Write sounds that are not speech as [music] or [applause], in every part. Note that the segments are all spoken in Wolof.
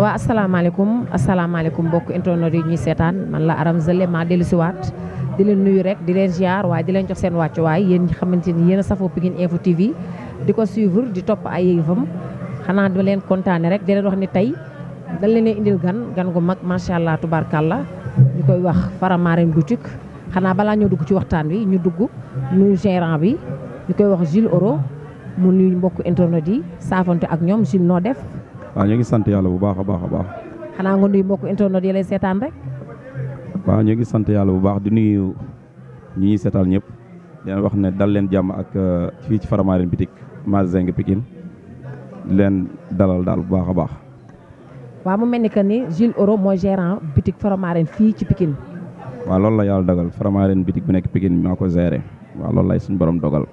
waa asalaamaaleykum asalaamaaleykum mbokk internet yi ñuy seetaan man la aram Zale maa dellu si waat di leen nuyu rek di leen ziar waaye di leen jox seen wàccuwaay yéen ñi xamante ni yéen a safoo Pikine Info TV di ko suivre di topp ay yëfam xanaa dama leen kontaane rek di leen wax ni tey dañ leen indil gan gan gu mag macha allah tubarkalla ñu koy wax bu boutique xanaa balaa ñoo dugg ci waxtaan wi ñu dugg nuyu gérant bi ñu koy wax gil Oro mu nuyu mbokk internet yi ak ñoom Jules noo def. waaw ñu ngi sant bah bu baax a baax a baax. xanaa nga nuyu mbokku internet yi lay seetaan rek. waaw ñu ngi sant yàlla bu baax di nuyu ñi ñuy seetaan ñëpp di leen wax ne dal leen jàmm ak euh, fii ci Faramareen bitik magasin Pikine di leen dalal dal bu baax a baax. waaw mu mel ni que ni Jules Oro mooy gérant bitik Faramareen fii ci Pikine. wa loolu la yàlla dogal Faramareen bitik bu nekk Pikine maa ko géré wa loolu lay suñu borom dogal.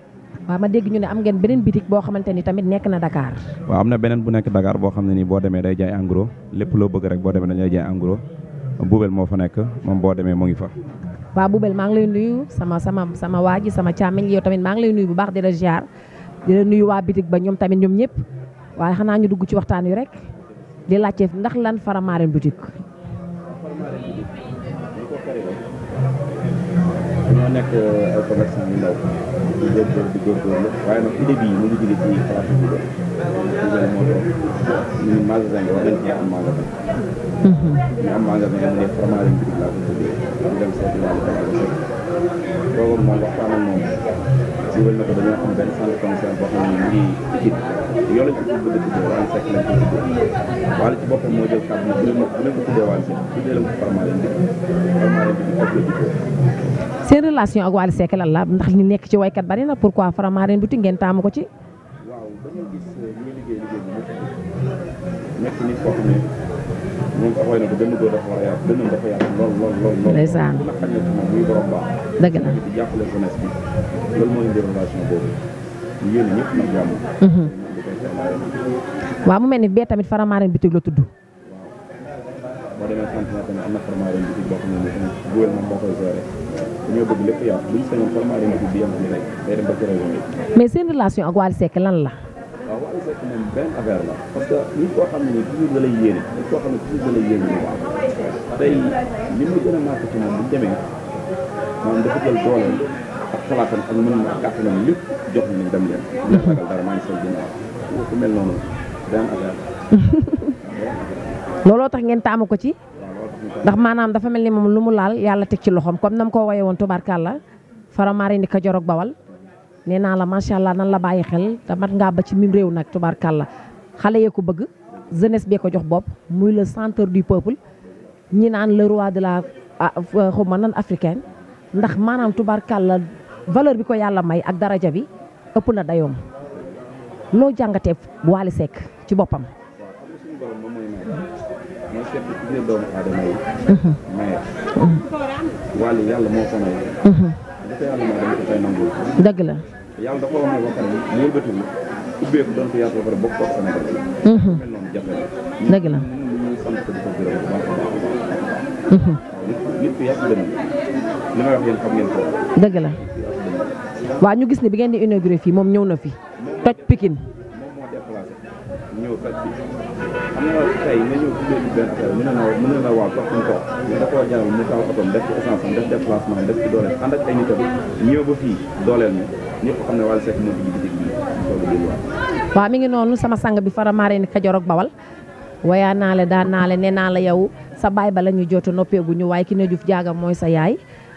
waaw ma dégg ñu ne am ngeen beneen bitik boo xamante ni tamit nekk na Dakar. waaw am na beneen bu nekk Dakar boo xam ne nii boo demee day jaay en lépp loo bëgg rek boo demee dañuy jaay en gros buubel moo fa nekk moom boo demee mu ngi fa. waaw buubel maa ngi lay nuyu sama sama sama ji sama càmmiñ yow tamit maa ngi bu baax di la ziar di la nuyu waa bitik ba ñoom tamit ñoom ñëpp waaye xanaa ñu dugg ci waxtaan wi rek di laajte ndax lan Faramareen boutique. dañoo nekk euh, di góorgóorlu di góorgóorlu waaye nag idée bii mu ngi jóge ci xalaatu bi doon Koungheul moo doon ñu ne magasin bi war nañ cee am magasin. ñu am magasin mu ne fromage bi laa ko tuddee ñu dem seeti wàllu ko dañoo am benn centre commercial boo xam ne mu ngi ci yore ci dëkk bi waaye sekk lañ ko boppam moo jël ko tuddee Wally ko Palmarin bi Palmarin seen relation ak Wally Seck lan la ndax li nekk ci waykat bari na pourquoi Palmarin bi ngeen taamu ko ci. waaw dañoo gis euh, ñu liggéey liggéey bu nekk nit koo xam ne moom tax way na ko benn góor dafa war a yàq benn dafa yàq loolu mooy indi relation boobu ñu yéene ñëpp nag jàmm. Mhm. waaw mu mel ni bee tamit Faramareen boutique la tudd. boo demee centenaire tamit am na Faramareen boutique boo xam ne góor mais seen relation ak Wally Seck lan la. waaw tey li mu gën a marqué ci moom bu ñu demee maanaam dafa jël dooleem. ak xalaatam [laughs] looloo tax ngeen taamu ko ci. ndax maanaam dafa mel ni moom lu mu laal yàlla teg ci loxoom comme nam ko woye woon tubaarkàlla faramaari ndi ka jorog bawal nee naa la macha allah nan la bàyyi xel te mat ngaa ba ci mim réew nag tubaarkàlla xale yee ko bëgg jeunesse bee ko jox bopp muy le centre du peuple ñi naan le roi de la ah, xaw ma nan africaine ndax maanaam tubarkàlla valeur bi ko yàlla may ak daraja bi ëpp na dayoom loo jàngatee Wally Seck ci boppam. mooy la. li may wax yéen xam ngeen ko. dëgg la waaw ñu gis ne bi ngeen di inauguré fii moom ñëw na fi toj Pikine. moom moo déplacé ñëw toj fii xam nga tey nga ñëw fii léegi benn affaire mën na la mën na la waaw toog suñu toog mais dafa jaral mu taal otom def ci essence am def déplacement def ci dooleel ànd ak ay nitam ñëw ba fii dooleel mi ñëpp xam ne Wally Seck moo fi jiite fii soog a jël waaw. waaw mi ngi noonu sama sang bi faramaare ni Kajoor ak Bawal wayaa naa le daan naa le nee naa la yow sa baay ba la ñu jot a noppeegu ñu waaye ki ne Juuf jaaga mooy sa yaay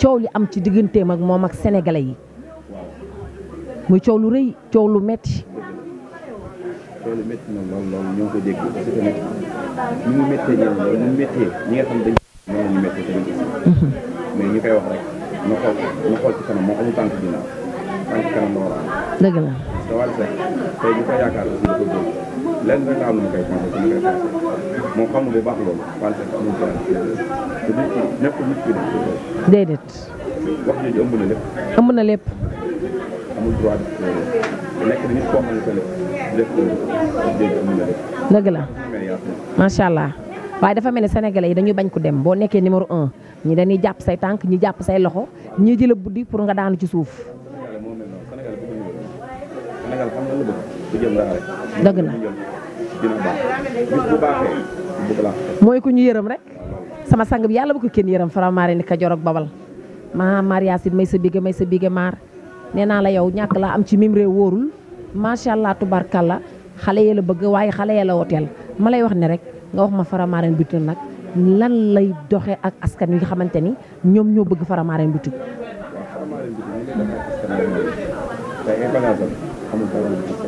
coow li am ci digganteem ak moom ak sénégalais yi muy coow lu rëy coow lu metti loolu métti na lool ko dégg loolu ni mu méttee ñi nga xam dañ moom la ñu méttee mhm. koy wax rek na xool na xool ci kanam moom amul tànk ginnaaw tànk kanam la war a dëgg la sax tey ñu ko yaakaar aussi da ko jóg lenn rek am na mu koy pensé mu koy pensé moom xamul lu baax loolu wante amul garab te nit ki nekkul nit ki def déedéet wax jooju ëmb na lépp ëmb na lépp amul droit def nekk na nit koo xamante ne def jooju ëmb na lépp dëgg la macha allah waaye dafa mel ne sénégalais yi dañuy bañ ko dem boo nekkee numéro un ñi dañuy jàpp say tànk ñi jàpp say loxo ñi jëla buddi pour nga daanu ci suuf dëgg la mooy ku ñu yërëm rek sama sang bi yàlla bu ko kenn yërëm faramaare ni Kajoor ak Bawal ma Mariasin may sa bige may sa bige maar nee naa la yow ñàkk laa am ci miim réew wóorul macha allah tubarkalla xale ya la bëgg waaye xale ya la woteel ma lay wax ne rek nga wax ma faramaare butik nag lan lay doxe ak askan wi nga xamante ni ñoom ñoo bëgg faramaare butik. waaw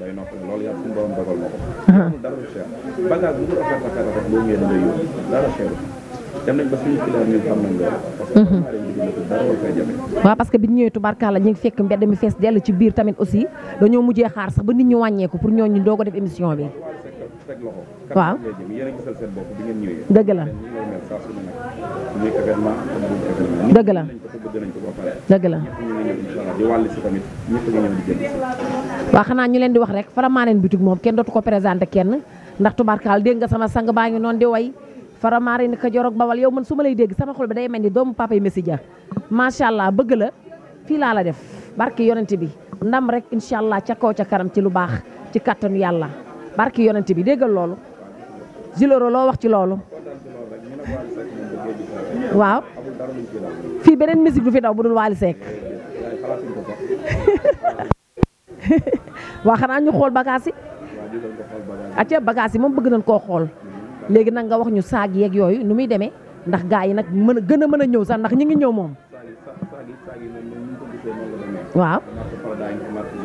day noppale loolu yàlla suñu borom dogal ñu waaw parce que bi ñu ñëwee tubarkalla ñu ngi fekk mbedd mi fees dell ci biir tamit aussi dañoo mujjee xaar sax ba nit ñi wàññeeku pour ñooñu doog ko def émission bi. teg loxo kan waaw ya, dëgg la dëgg la dëgg la waaw xanaa ñu leen di wax rek moom kenn dootu ko présenté kenn ndax tubarkaal dégg nga sama sang baa ngi noonu di way Faramareen Kajoor ak Bawal yow man su ma lay dégg sama xol bi day mel ni doomu papa yi Messi Dia macha allah bëgg la fii laa la def barke yonent bi ndam rek incha allah ca kaw ca kanam ci lu baax ci kàttanu yàlla barki yonent bi déggal loolu Ziloro loo wax ci loolu waaw fii beneen musique du fi daw bu dul Wally Seck [laughs] waa xanaa ñu xool bagaas yi acca bagaas yi moom bëgg nañ koo xool léegi nag nga wax ñu saag yeeg yooyu nu muy demee ndax gaa yi nag mën a gën a mën a ñëw sax ndax ñu ngi ñëw moom waaw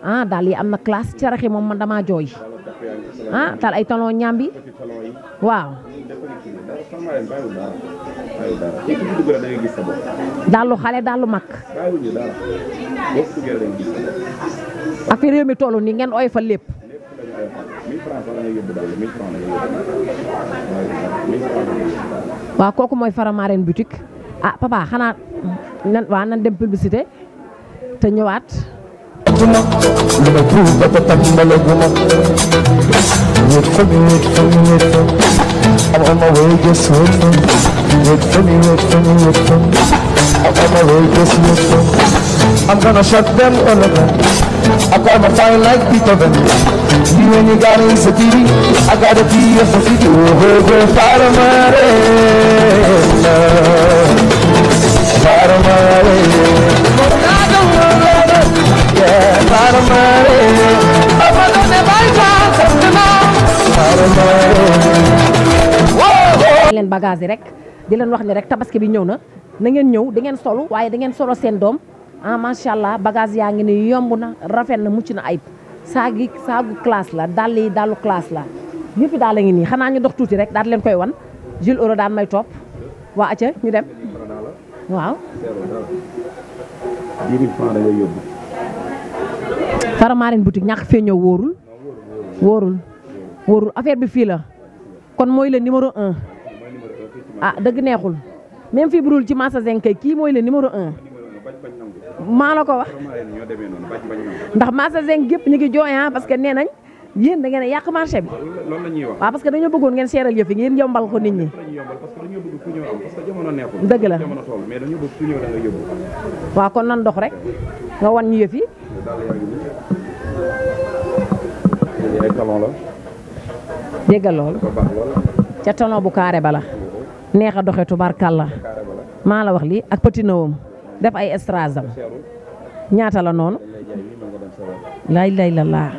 ah dal yi amna classe ci yi mom man dama joy ah tal ay talon ñambi waaw dalu xale dalu mak. ak fi réew mi tolu ni ngeen oy fa lépp waaw kooku mooy Faramaren boutique ah papa xana nan waa nan dem publicité te ñëwaat I'm on my way, just wait Wait for me, wait for me, wait for me I'm on my way, just wait I'm gonna shut them all up. I got my fire like Peter Van You and you got it, a TV I got a TV for 50 Oh, oh, oh, fire, my leen bagage rek di leen wax ni rek tabaski bi ñëw na na ngeen ñëw da ngeen ngeen solo sendom, doom ah macha allah bagage yaa ngi ni yomb na rafet na mucc na ayib saagi saagu classe la dàll yi dàllu classe la yëpp daal la ngi nii xanaa ñu dox tuuti rek daal leen koy wan Jules Euro daan may acca ñu dem waaw boutique wóorul affaire bi fi la kon moy le numéro 1 ah deug neexul même fii bu ci Massa Zeng ki moy le numéro 1 maa la ko wax ndax Massa Zeng gep ñi ngi joy jooy ah, parce que nenañ yeen da ngay yak marché bi loolu lañuy wax wa parce que dañu bëggoon ngeen séral yëf yi ngeen yombal ko nit ñi dëgg la wa kon nan dox rek nga wan ñu yëf yi jéggal lool ca talon bu carré bala neex a doxe tubarkalla maa la wax lii ak petit nawam def ay strass am ñaata la noonu lay lay la laa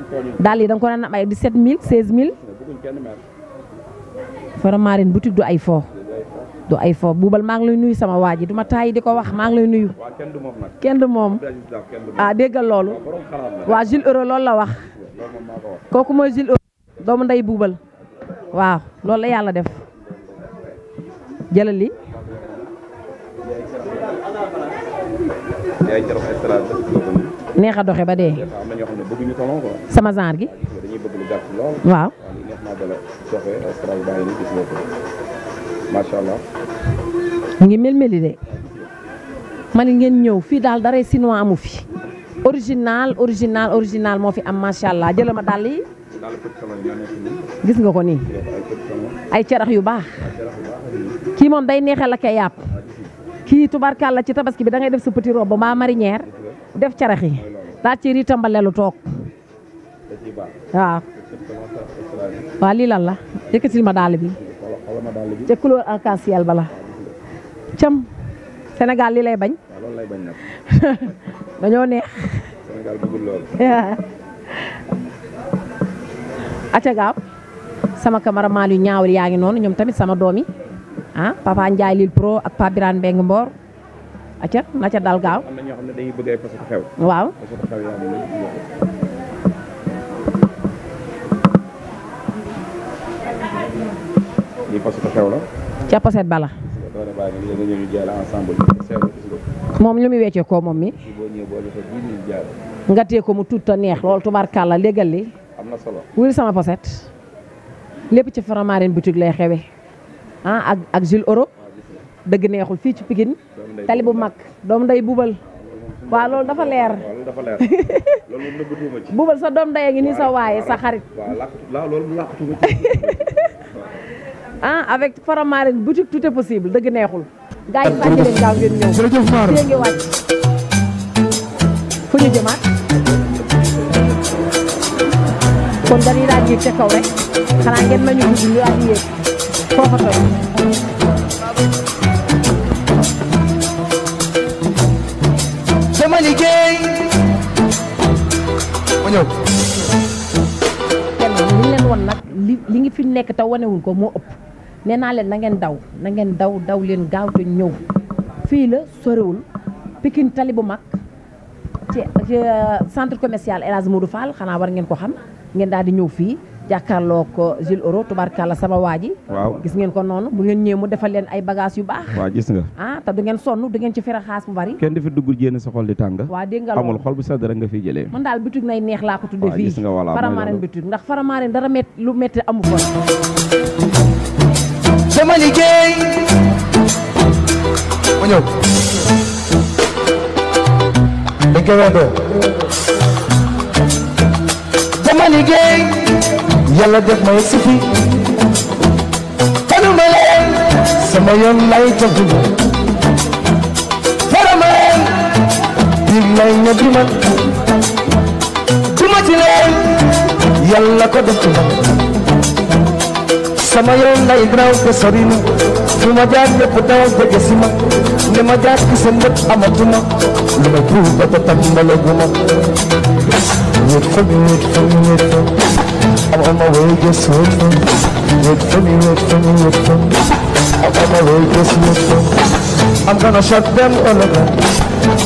daal yi danga ko daan am ay 17000 16000 Faramareen boutique du ay fo du ay fo buubal maa ngi lay nuyu sama waa ji du ma taay di ko wax maa ngi lay nuyu kenn moom ah déggal loolu waa Jules Euro loolu la wax kooku mooy Euro doomu ndey buubal waaw loolu la yàlla def jëlal li neex a doxe ba dee. sama genre gi. waaw. macha allah. mu ngi mel-meli de man ngeen ñëw fii daal dara sinois amu fi. original original original moo fi am macha allah jëlal ma dàll yi gis nga ko nii ay cerax yu baax kii moom day neexal ak yàpp kii la ci tabaski bi dangay def sa petit robe mbaa marinière def cerax yi daal ci ri tambalelu toog waa waaw lii lan la yëkkatil ma daal bi ca couleur arc-en-ciel ba la cam Sénégal li lay bañ [laughs] dañoo neex [laughs] aca gaaw sama kamara malu ñaawul yaangi non, ñom tamit sama domi, ah papa njaay lil Pro ak Pape biran beng Mbor aca na ca dal gaaw. am na ñoo xam dañuy bëgg ay xew. waaw fasatu xew yaa xew la. ca poset bala. mom ñu mi wéccé ko mom mi. nga ko mu tuut neex loolu tubarkàlla légal li. na solo wuri sama poset lépp ci Faramareen boutique lay xewe ah ak ak Jules Euro dëgg neexul fii ci Pikine tali bu mag doom day bubal waaw loolu dafa leer [laughs] bubal sa doom day a ngi nii sa waaye sa xarit waaw loolu [laughs] ah avec Faramareen boutique tout est possible dëgg neexul gaa yi fàtte gaaw ngeen ñëw jërëjëf Mar fu ñu jëmaat kon dañuy daal di yéeg kaw rek xanaa ngeen ma ñu guddi ñu daal foofa toj sama liggéey ma ñëw li ñu leen nag li li ngi fi nekk te wonewul ko moo ëpp nee naa leen na ngeen daw na ngeen daw daw leen gaaw te ñëw fii la sorewul Pikine tali bu mag ci euh, centre commercial El Hadj Modou xanaa war ngeen ko xam ngeen daal di ñëw fii jàkkaarloo ko Jules Oro tubaarkàlla sama waji, waaw gis ngeen ko noonu bu ngeen ñëwee mu defal leen ay bagage yu baax waaw gis nga ah te du ngeen sonn du ngeen ci fere xaas bu bari kenn dafa dugg jénn sa xol di tàng waaw dégg nga amul xol bu sedd rek nga fiy jëlee man daal bitig nay neex laa ko tudde fii faramaaren bitig ndax faramaaren dara met lu metti amu ko sama liggéey ma ñëw dañ koy liggéey yàlla def may sufi tanu ma leen sama yoon lay tëdd fara ma leen di lay ne ma du ma ci leen ko def amatuma Wait for me, wait for me, wait for me I'm on my way, just wait for me Wait for me, wait for me, wait for me I'm on my way, just wait for me I'm gonna shut them all up.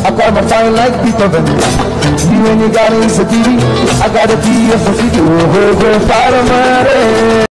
I going my fine like Peter Van You ain't got insecurity I got a T for 50 Oh, fire,